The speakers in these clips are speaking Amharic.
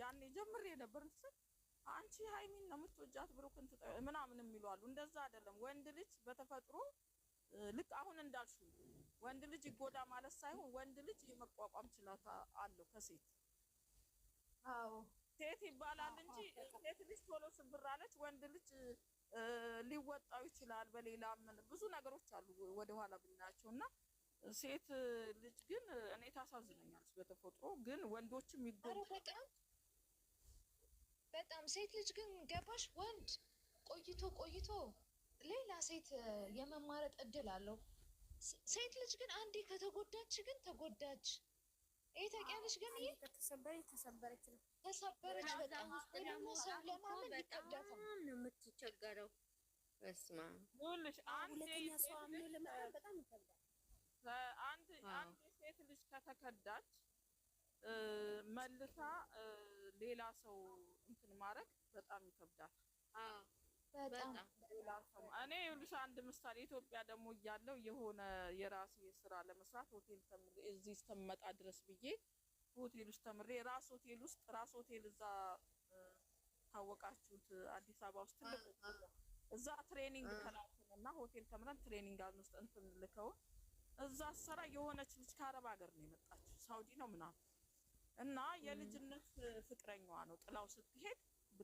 ያኔ ጀምሬ የነበርን ስል አንቺ ሀይሚን ነው የምትወጃት ብሩክን ምናምን የሚሉ አሉ። እንደዛ አይደለም። ወንድ ልጅ በተፈጥሮ ልክ አሁን እንዳልሽ ወንድ ልጅ ይጎዳ ማለት ሳይሆን ወንድ ልጅ የመቋቋም ችሎታ አለው ከሴት አዎ ሴት ይባላል እንጂ ሴት ልጅ ቶሎ ስብር አለች። ወንድ ልጅ ሊወጣው ይችላል። በሌላ ብዙ ነገሮች አሉ ወደኋላ ብናያቸው እና ሴት ልጅ ግን እኔ ታሳዝነኛለች በተፈጥሮ ግን ወንዶችም ይጎዳሉ። በጣም በጣም ሴት ልጅ ግን ገባሽ ወንድ ቆይቶ ቆይቶ ሌላ ሴት የመማረጥ እድል አለው። ሴት ልጅ ግን አንዴ ከተጎዳች ግን ተጎዳች። ይሄ ታውቂያለሽ። ግን ይሄ ተሰበረ ተሰበረች ነው ተሰበረች። በጣም ደግሞ ሰው ለማመን ይቀዳታ ነው የምትቸገረው። ስማ ሁልሽ አንዴ ሰው አምኖ ለማመን በጣም ይከብዳል። አንድ አንድ ሴት ልጅ ከተከዳች መልሳ ሌላ ሰው እንትን ማድረግ በጣም ይከብዳል። ሌላ ሰው እኔ ይኸውልሽ አንድ ምሳሌ ኢትዮጵያ ደግሞ እያለው የሆነ የራሴ ስራ ለመስራት ሆቴል ተምሬ እዚህ እስከምመጣ ድረስ ብዬ ሆቴል ውስጥ ተምሬ ራስ ሆቴል ውስጥ ራስ ሆቴል እዛ ታወቃችሁት አዲስ አበባ ውስጥ ትልቅ እዛ ትሬኒንግ ተላኩን እና ሆቴል ተምረን ትሬኒንግ አልመስጠን እንትን ልከውን እዛ አሰራ የሆነች ልጅ ከአረብ ሀገር ነው የመጣችው፣ ሳውዲ ነው ምናምን እና የልጅነት ፍቅረኛዋ ነው። ጥላው ስትሄድ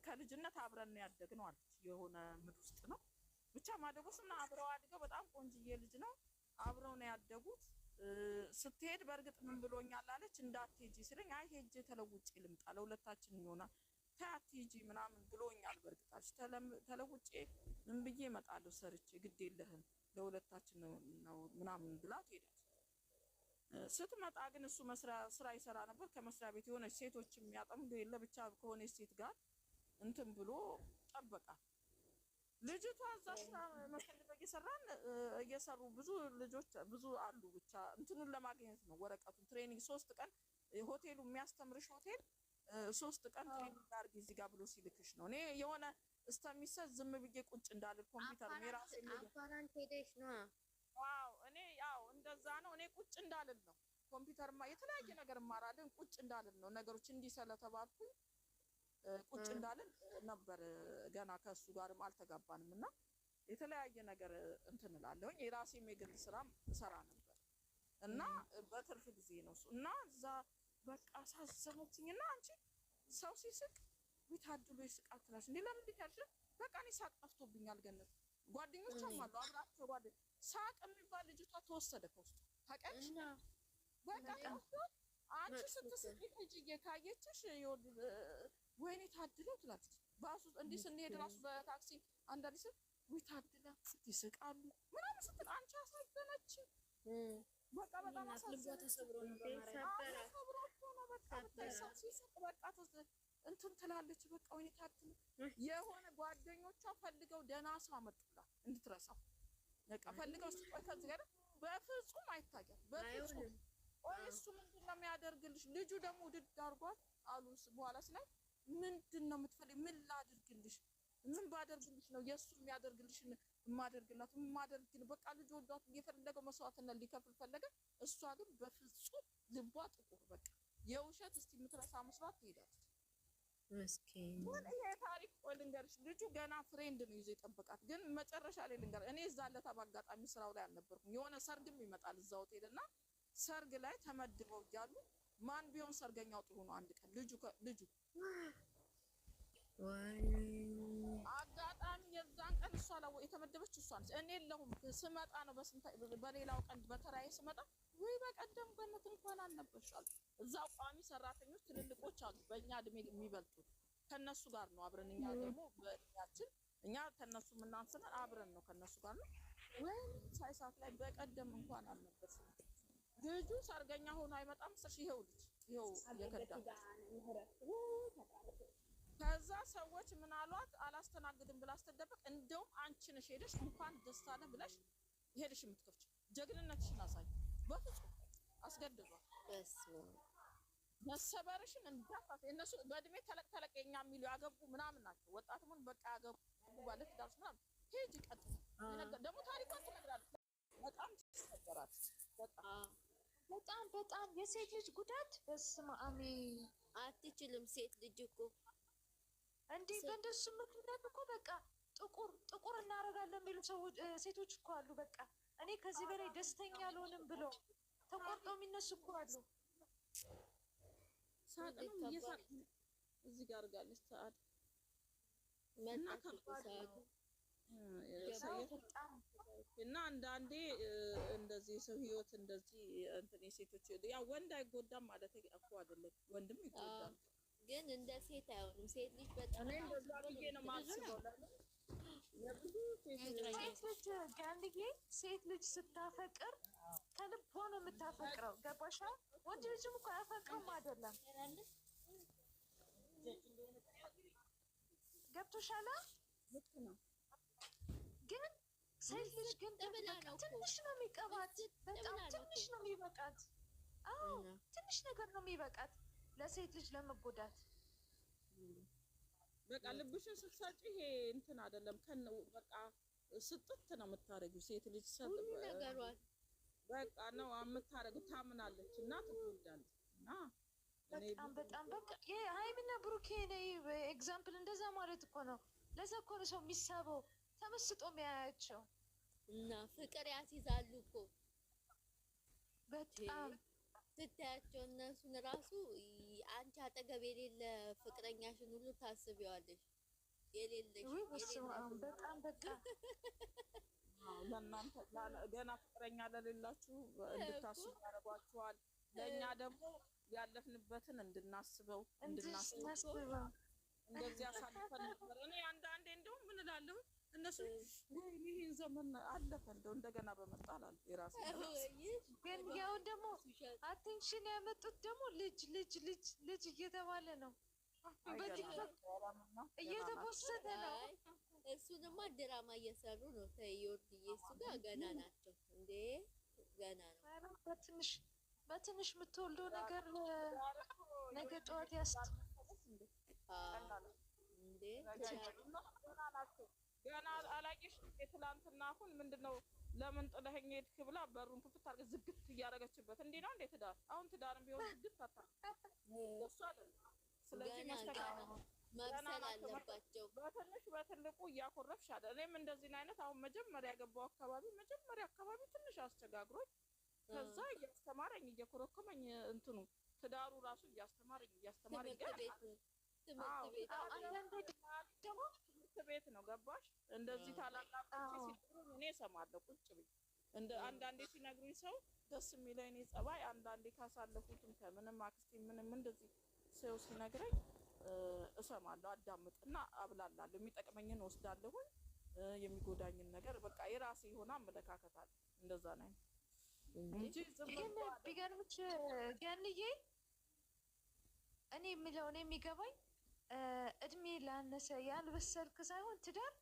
ከልጅነት አብረን ነው ያደግነው አለች። የሆነ ምድ ውስጥ ነው ብቻ ማደጎ እና አብረው አድገው በጣም ቆንጅዬ ልጅ ነው፣ አብረው ነው ያደጉት። ስትሄድ በእርግጥ ምን ብሎኛል አለች። እንዳትሄጂ ስለኝ አይ ሄጄ ተለውጭ ልምጣ ለሁለታችን ይሆናል ታያት ሂጂ ምናምን ብሎኛል። በእርግጣች ተለውጬ ምን ብዬ እመጣለሁ ሰርቼ ግድ የለህም ለሁለታችን ነው ምናምን ብላ ትሄዳል። ስትመጣ ግን እሱ መስሪያ ስራ ይሰራ ነበር። ከመስሪያ ቤት የሆነች ሴቶች የሚያጠምዱ የለ ብቻ ከሆነ ሴት ጋር እንትን ብሎ ጠበቃ ልጅቷ እዛ ስራ መፈልገግ እየሰራን እየሰሩ ብዙ ልጆች ብዙ አሉ። ብቻ እንትኑን ለማግኘት ነው ወረቀቱን ትሬኒንግ ሶስት ቀን ሆቴሉ የሚያስተምርሽ ሆቴል ሶስት ቀን ትሬኒንግ አድርጊ እዚህ ጋር ብሎ ሲልክሽ ነው እኔ የሆነ እስከሚሰጥ ዝም ብዬ ቁጭ እንዳልል ኮምፒውተር የራሴ አፓራንት ሄደሽ ነው። ዋው እኔ ያው እንደዛ ነው። እኔ ቁጭ እንዳልል ነው ኮምፒውተር የተለያየ ነገር እማራለሁ። ቁጭ እንዳልል ነው ነገሮች እንዲህ ስለተባልኩኝ ቁጭ እንዳልል ነበር። ገና ከእሱ ጋርም አልተጋባንም እና የተለያየ ነገር እንትን እላለሁኝ። የራሴም የግል ስራም እሰራ ነበር እና በትርፍ ጊዜ ነው እና እዛ በቃ ሳዘሙትኝና አንቺ ሰው ሲስቅ ታድሎ ይስቃል ትላለች። እንዴ ለምን እንዴት በቃ እኔ ሳቅ ጠፍቶብኛል። ገነት ጓደኞቿ አሉ አብራቸው ጓደ ሳቅ የሚባል ልጅቷ ተወሰደ ከውስጥ ታውቂያለሽ። በቃ ጠፍቶት አንቺ ስትስቂ ልጅ እየታየችሽ ወይኔ ታድሎ ትላለች። ባሱ እንዲህ ስንሄድ ራሱ በታክሲ አንዳንድ ስል ወይ ይስቃሉ ምናምን ስትል አንቺ አሳዘነች። በቃ በጣም አሳዘነች። ሰብሮ ነው በቃ እንትን ትላለች። በቃ ወይኔ የሆነ ጓደኞቿ ፈልገው ደህና ሰው አመጡላት እንድትረሳው በቃ ፈልገው ስቆይ ከዚህ ጋር በፍጹም አይታያል። በፍጹም ቆይ እሱ ምንድን ነው የሚያደርግልሽ? ልጁ ደግሞ ውድድ አድርጓት አሉ በኋላ ስላይ ምንድን ነው የምትፈልግ? ምን ላድርግልሽ? ምን ባደርግልሽ ነው የእሱ የሚያደርግልሽ? የማደርግላት የማደርግል በቃ ልጁ ወዷት እየፈለገው መስዋዕትነት ሊከፍል ፈለገ። እሷ ግን በፍጹም ልቧ ጥቁር በቃ የውሸት እስቲ የምትረሳ መስራት ትሄዳለች። ይሄ ታሪክ ቆይ ልንገርሽ፣ ልጁ ገና ፍሬንድ ነው ይዞ የጠበቃት። ግን መጨረሻ ላይ ልንገር፣ እኔ እዛ ዕለት በአጋጣሚ ስራው ላይ አልነበርኩም። የሆነ ሰርግም ይመጣል እዛ ሆቴል እና ሰርግ ላይ ተመድበው እያሉ ማን ቢሆን ሰርገኛው ጥሩ ነው። አንድ ቀን ልጁ ልጁ አጋጣሚ የዛን ቀን እሷ የተመደበች እሷ ነች። እኔ የለሁም ስመጣ ነው በስንታ በሌላው ቀን በተራዬ ስመጣ ወይ በቀደም ገነት እንኳን አሉ። እዛ ቋሚ ሰራተኞች ትልልቆች አሉ፣ በእኛ እድሜ የሚበልጡ ከነሱ ጋር ነው አብረን። እኛ ደግሞ በእድሜያችን እኛ ከነሱ የምናንስነን አብረን ነው ከነሱ ጋር ነው። ወይም ሳይሳት ላይ በቀደም እንኳን አልነበርሽም። ልጁ ሰርገኛ ሆኖ አይመጣም ስልሽ ይኸው ልጅ ይኸው የከዳ ከዛ ሰዎች ምን አሏት? አላስተናግድም ብላ ስትደበቅ፣ እንደውም አንቺ ነሽ ሄደሽ እንኳን ደስታ ነህ ብለሽ ሄደሽ የምትከፍች ጀግንነትሽን አሳይ። በፍጹም አስገድዷል። መሰበርሽን እንዳፋት እነሱ በእድሜ ተለቅ ተለቅ የኛ የሚሉ ያገቡ ምናምን ናቸው። ወጣትሙን በቃ ያገቡ ባለትዳር ምናምን ሂጅ ቀጥ ደግሞ ታሪኳን ትነግራለች። በጣም ትሰበራል። በጣም በጣም በጣም የሴት ልጅ ጉዳት በስመ አብ አትችልም። ሴት ልጅ እኮ እንዲህ በእንደሱ ምክንያት እኮ በቃ ጥቁር ጥቁር እናደርጋለን የሚሉ ሰዎች ሴቶች እኮ አሉ በቃ እኔ ከዚህ በላይ ደስተኛ አልሆንም ብሎ ተቆርጠው የሚነሱ እኮ አሉ። እዚህ ጋር አድርጋለች ሰዓት እና አንዳንዴ እንደዚህ የሰው ህይወት እንደዚህ እንትን የሴቶች ያ ወንድ አይጎዳም ማለት እኮ አይደለም፣ ወንድም ይጎዳል፣ ግን እንደ ሴት አይሆንም። ሴት ልጅ በጣም እኔ እንደዛ ነው የማስበው ለምን ሴት ልጅ ስታፈቅር ከልቧ ነው የምታፈቅረው። ገባሽ? ወንድ ልጅም እኮ አያፈቅርም አይደለም። ገብቶሻል? ግን ሴት ልጅ ግን ትንሽ ነው የሚቀባት፣ በጣም ትንሽ ነው የሚበቃት። አዎ ትንሽ ነገር ነው የሚበቃት ለሴት ልጅ ለመጎዳት በቃ ልብሽን ስትሰጪ ይሄ እንትን አይደለም ከነ በቃ ስጥት ነው የምታደርጊው። ሴት ልጅ ሰጥ በቃ ነው የምታደርጊው። ታምናለች እና ትጎዳለች እና በጣም በጣም በቃ ይሄ ሀይሚና ብሩኬ ነይ ኤግዛምፕል እንደዛ ማለት እኮ ነው። ለዛ እኮ ነው ሰው የሚሳበው ተመስጦ የሚያያቸው እና ፍቅር ያስይዛሉ እኮ በጣም ስታያቸው እነሱን ራሱ አንቺ አጠገብ የሌለ ፍቅረኛሽን ሁሉ ታስቢዋለሽ። የሌለሽ በጣም በቃ ለእናንተ ገና ፍቅረኛ ለሌላችሁ እንድታስቡ ያደርጓችኋል። ለእኛ ደግሞ ያለፍንበትን እንድናስበው እንድናስበው እንደዚህ አሳልፈን ነበር። እኔ አንዳንዴ እነሱ ይህን ዘመን አለፈ። እንደው እንደገና በመጣ አላል የራሱ ግን ያው ደግሞ አቴንሽን ያመጡት ደግሞ ልጅ ልጅ ልጅ ልጅ እየተባለ ነው እየተፖሰተ ነው። እሱንማ ድራማ እየሰሩ ነው። ተወርድዬ እሱ ጋር ገና ናቸው እንዴ ገና ነው። በትንሽ በትንሽ የምትወልደው ነገር ነገ ጠዋት ያስ እንዴ ገና አላቂሽ የትላንትና አሁን ምንድን ነው ለምን ጥለኸኝ ሄድክ ብላ በሩን ክፍት አድርገህ ዝግት እያደረገችበት እንዲህ ነው እንዴ ትዳር? አሁን ትዳርም ቢሆን ዝግት አታ እሱ አይደለም። ስለዚህ መስተካከል መብሰል አለባቸው። በትንሽ በትልቁ እያኮረፍሽ አለ። እኔም እንደዚህን አይነት አሁን መጀመሪያ የገባው አካባቢ መጀመሪያ አካባቢ ትንሽ አስቸጋግሮኝ ከዛ እያስተማረኝ እየኮረኮመኝ እንትኑ ትዳሩ ራሱ እያስተማረኝ እያስተማረኝ ገ ትምህርት ቤት አንዳንድ ደግሞ ትምህርት ቤት ነው ገባሽ? እንደዚህ ታላላቆች ሲነግሩኝ እኔ እሰማለሁ ቁጭ ብዬ። እንደ አንዳንዴ ሲነግሩኝ ሰው ደስ የሚለው እኔ ጸባይ አንዳንዴ ካሳለፉትም ከምንም አክስቴ ምንም እንደዚህ ሰው ሲነግረኝ እሰማለሁ፣ አዳምጥና አብላላለሁ። የሚጠቅመኝን ወስዳለሁኝ፣ የሚጎዳኝን ነገር በቃ የራሴ የሆነ አመለካከት አለ። እንደዛ ነው እንጂ ግን ቢገርምሽ ገንዬ እኔ የምለውን የሚገባኝ እድሜ ላነሰ ያልበሰልክ ሳይሆን ትዳር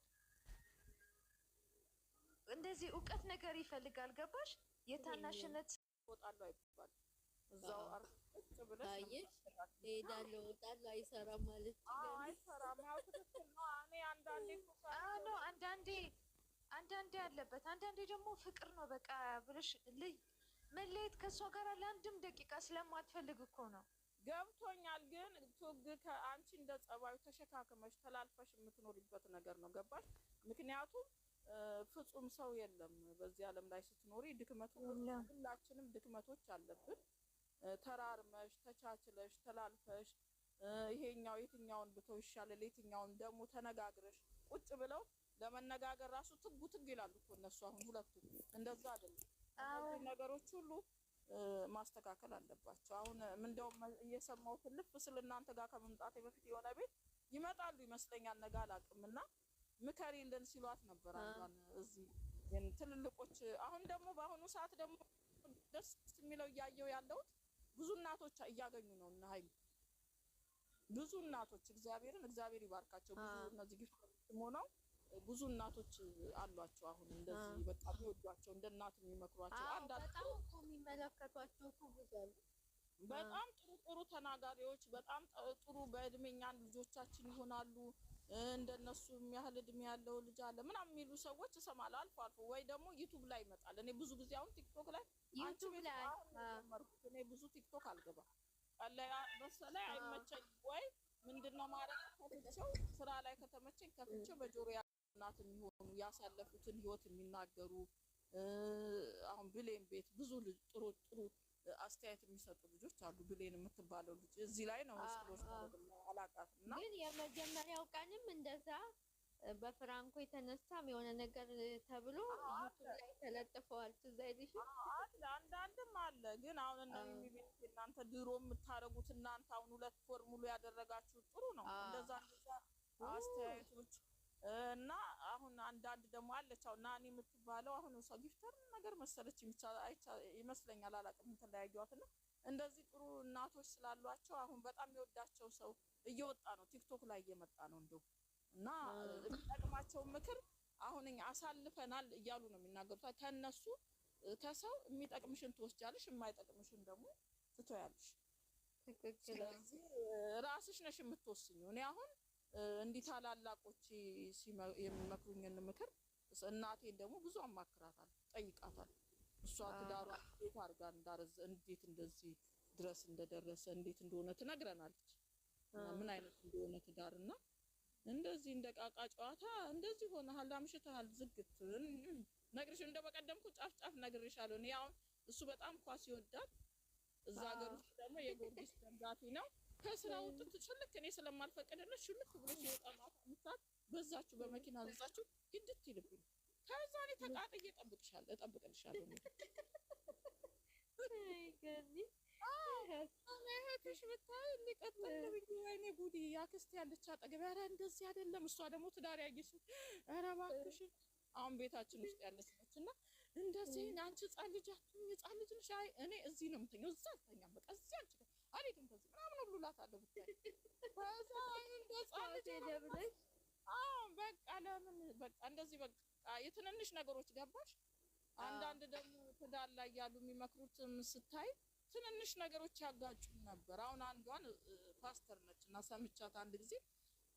እንደዚህ እውቀት ነገር ይፈልጋል። ገባሽ? የታናሽነት ወጣሉ አይባል ማለት ትክክል ነው። አንዳንዴ አንዳንዴ አለበት አንዳንዴ ደግሞ ፍቅር ነው በቃ ብለሽ ልይ መለየት ከእሷ ጋር ለአንድም ደቂቃ ስለማትፈልግ እኮ ነው ገብቶኛል። ግን ቱግ ከአንቺ እንደ ጸባዩ ተሸካክመሽ ተላልፈሽ የምትኖሪበት ነገር ነው። ገባሽ? ምክንያቱም ፍጹም ሰው የለም በዚህ ዓለም ላይ ስትኖሪ። ድክመቱ ሁላችንም ድክመቶች አለብን። ተራርመሽ ተቻችለሽ ተላልፈሽ ይሄኛው የትኛውን ብቶ ይሻላል የትኛውን ደግሞ ተነጋግረሽ ቁጭ ብለው ለመነጋገር ራሱ ትጉ ትግ ይላሉ እኮ እነሱ። አሁን ሁለቱ እንደዛ አይደለም። እነዚህ ነገሮች ሁሉ ማስተካከል አለባቸው። አሁን እንደውም እየሰማው ልፍ ስል እናንተ ጋር ከመምጣቴ በፊት የሆነ ቤት ይመጣሉ ይመስለኛል ነገ አላውቅም እና ምከሪ እንደን ሲሏት ነበር። አንዷን እዚህ ትልልቆች አሁን ደግሞ በአሁኑ ሰዓት ደግሞ ደስ የሚለው እያየው ያለሁት ብዙ እናቶች እያገኙ ነው እና ሀይሉ ብዙ እናቶች እግዚአብሔርን እግዚአብሔር ይባርካቸው ብዙ እነዚህ ሆነው ብዙ እናቶች አሏቸው። አሁን እንደዚህ በቃ የሚወዷቸው እንደ እናት የሚመክሯቸው በጣም እኮ የሚመለከቷቸው እኮ ብዙ በጣም ጥሩ ጥሩ ተናጋሪዎች፣ በጣም ጥሩ በእድሜኛን ልጆቻችን ይሆናሉ እንደነሱ የሚያህል እድሜ ያለው ልጅ አለ ምናምን የሚሉ ሰዎች እሰማለሁ አልፎ አልፎ፣ ወይ ደግሞ ዩቱብ ላይ ይመጣል። እኔ ብዙ ጊዜ አሁን ቲክቶክ ላይ ዩቱብ ላይ እኔ ብዙ ቲክቶክ አልገባም በሰላይ አይመቸኝ ወይ ምንድን ነው ማለት ከፍቼው ስራ ላይ ከተመቸኝ ከፍቼው በጆሮ ያናት የሚሆኑ ያሳለፉትን ህይወት የሚናገሩ አሁን ብሌን ቤት ብዙ ጥሩ ጥሩ አስተያየት የሚሰጡ ልጆች አሉ። ብሌን የምትባለው ልጅ እዚህ ላይ ነው ስሎች አላቃት እና ግን የመጀመሪያው ቀንም እንደዛ በፍራንኮ የተነሳም የሆነ ነገር ተብሎ ዩቱብ ላይ ተለጥፈዋል። ትዝ አይልሽም? አንዳንድም አለ ግን አሁን እና እናንተ ድሮ የምታደርጉት እናንተ አሁን ሁለት ወር ሙሉ ያደረጋችሁ ጥሩ ነው። እንደዛ እንደዛ አስተያየቶች እና አሁን አንዳንድ ደግሞ አለች አሁን ናኒ የምትባለው አሁን እሷ ጊፍተር ነገር መሰለች ይመስለኛል፣ አላውቅም የተለያዩት እና እንደዚህ ጥሩ እናቶች ስላሏቸው አሁን በጣም የወዳቸው ሰው እየወጣ ነው ቲክቶክ ላይ እየመጣ ነው እንደው እና የሚጠቅማቸው ምክር አሁን አሳልፈናል እያሉ ነው የሚናገሩት። ከእነሱ ከሰው የሚጠቅምሽን ትወስጃለሽ፣ የማይጠቅምሽን ደግሞ ትቶያለሽ። ስለዚህ ራስሽ ነሽ የምትወስኙ። እኔ አሁን እንዲህ ታላላቆች የሚመክሩኝን ምክር እናቴን ደግሞ ብዙ አማክራታል፣ ጠይቃታል። እሷ ትዳሯ እንዴት አድርጋ እንዳረዘ እንዴት እንደዚህ ድረስ እንደደረሰ እንዴት እንደሆነ ትነግረናለች ምን አይነት እንደሆነ ትዳርና እንደዚህ እንደ ቃቃ ጨዋታ እንደዚህ ሆነሃል፣ አምሽተሃል፣ ዝግት ነግርሽ እንደ በቀደምኩ ጫፍ ጫፍ ነግሬሻለሁ። ያው እሱ በጣም ኳስ ይወዳል። እዛ ሀገር ውስጥ ደግሞ የጊዮርጊስ ደጋፊ ነው። ከስራ ውጥት ችልክ እኔ ስለማልፈቀድለት ሽልክ ብሎ ሲወጣ ማሳምታት በዛችሁ በመኪና ዘዛችሁ ግድት ይልብኝ። ከዛ እኔ ተቃጥዬ እጠብቅሻለሁ እጠብቅልሻለሁ። እህትሽ ብታይ እንዲቀጥል ብዬ ወይኔ ጉዴ ያክስት ያለች አጠገብ፣ ኧረ እንደዚህ አይደለም። እሷ ደግሞ ትዳር ያየሽ፣ ኧረ እባክሽን አሁን ቤታችን ውስጥ ያለች ነች እና እንደዚህ አንቺ ህፃን ልጅ አትይኝ፣ ህፃን ልጅ ነሽ። አይ እኔ እዚህ ነው የምትይኝ፣ እዛ አልተኛም፣ በቃ እዚህ አንቺ ጋር አልሄድም፣ ከዚህ ምናምን ሁሉ እላታለሁ። ብታይ በዛ እንደ ህፃን ልጅ ብለሽ በቃ ለምን በቃ እንደዚህ በቃ የትንንሽ ነገሮች ገባሽ። አንዳንድ ደግሞ ትዳር ላይ ያሉ የሚመክሩትም ስታይ ትንንሽ ነገሮች ያጋጩ ነበር። አሁን አንዷን ፓስተር ነች እና ሰምቻት አንድ ጊዜ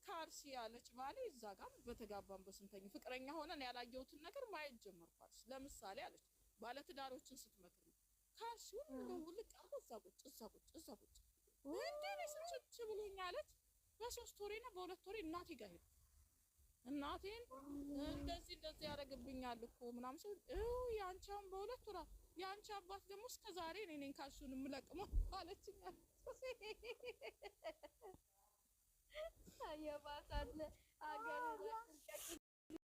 ካርሲ ያለች ባሌ እዛ ጋር በተጋባን በስንተኝ ፍቅረኛ ሆነን ያላየሁትን ነገር ማየት ጀመርኳለች። ለምሳሌ አለች ባለትዳሮችን ስትመክር ነው ከአርሲ ሁሉ ልቅ አርጎ እዛ ቁጭ እዛ ቁጭ እዛ ቁጭ እንዴ ስችች ብሎኛ አለች። በሶስት ወሬ ነው በሁለት ወሬ እናቴ ጋር ሄዱ። እናቴን እንደዚህ እንደዚህ ያደርግብኛል እኮ ምናምን ሰው ያንቻውን በሁለት ወራት የአንቺ አባት ደግሞ እስከ ዛሬ እኔ ነኝ ካልሽውን የምለቅመው አለችኝ። የባሰ አለ አገር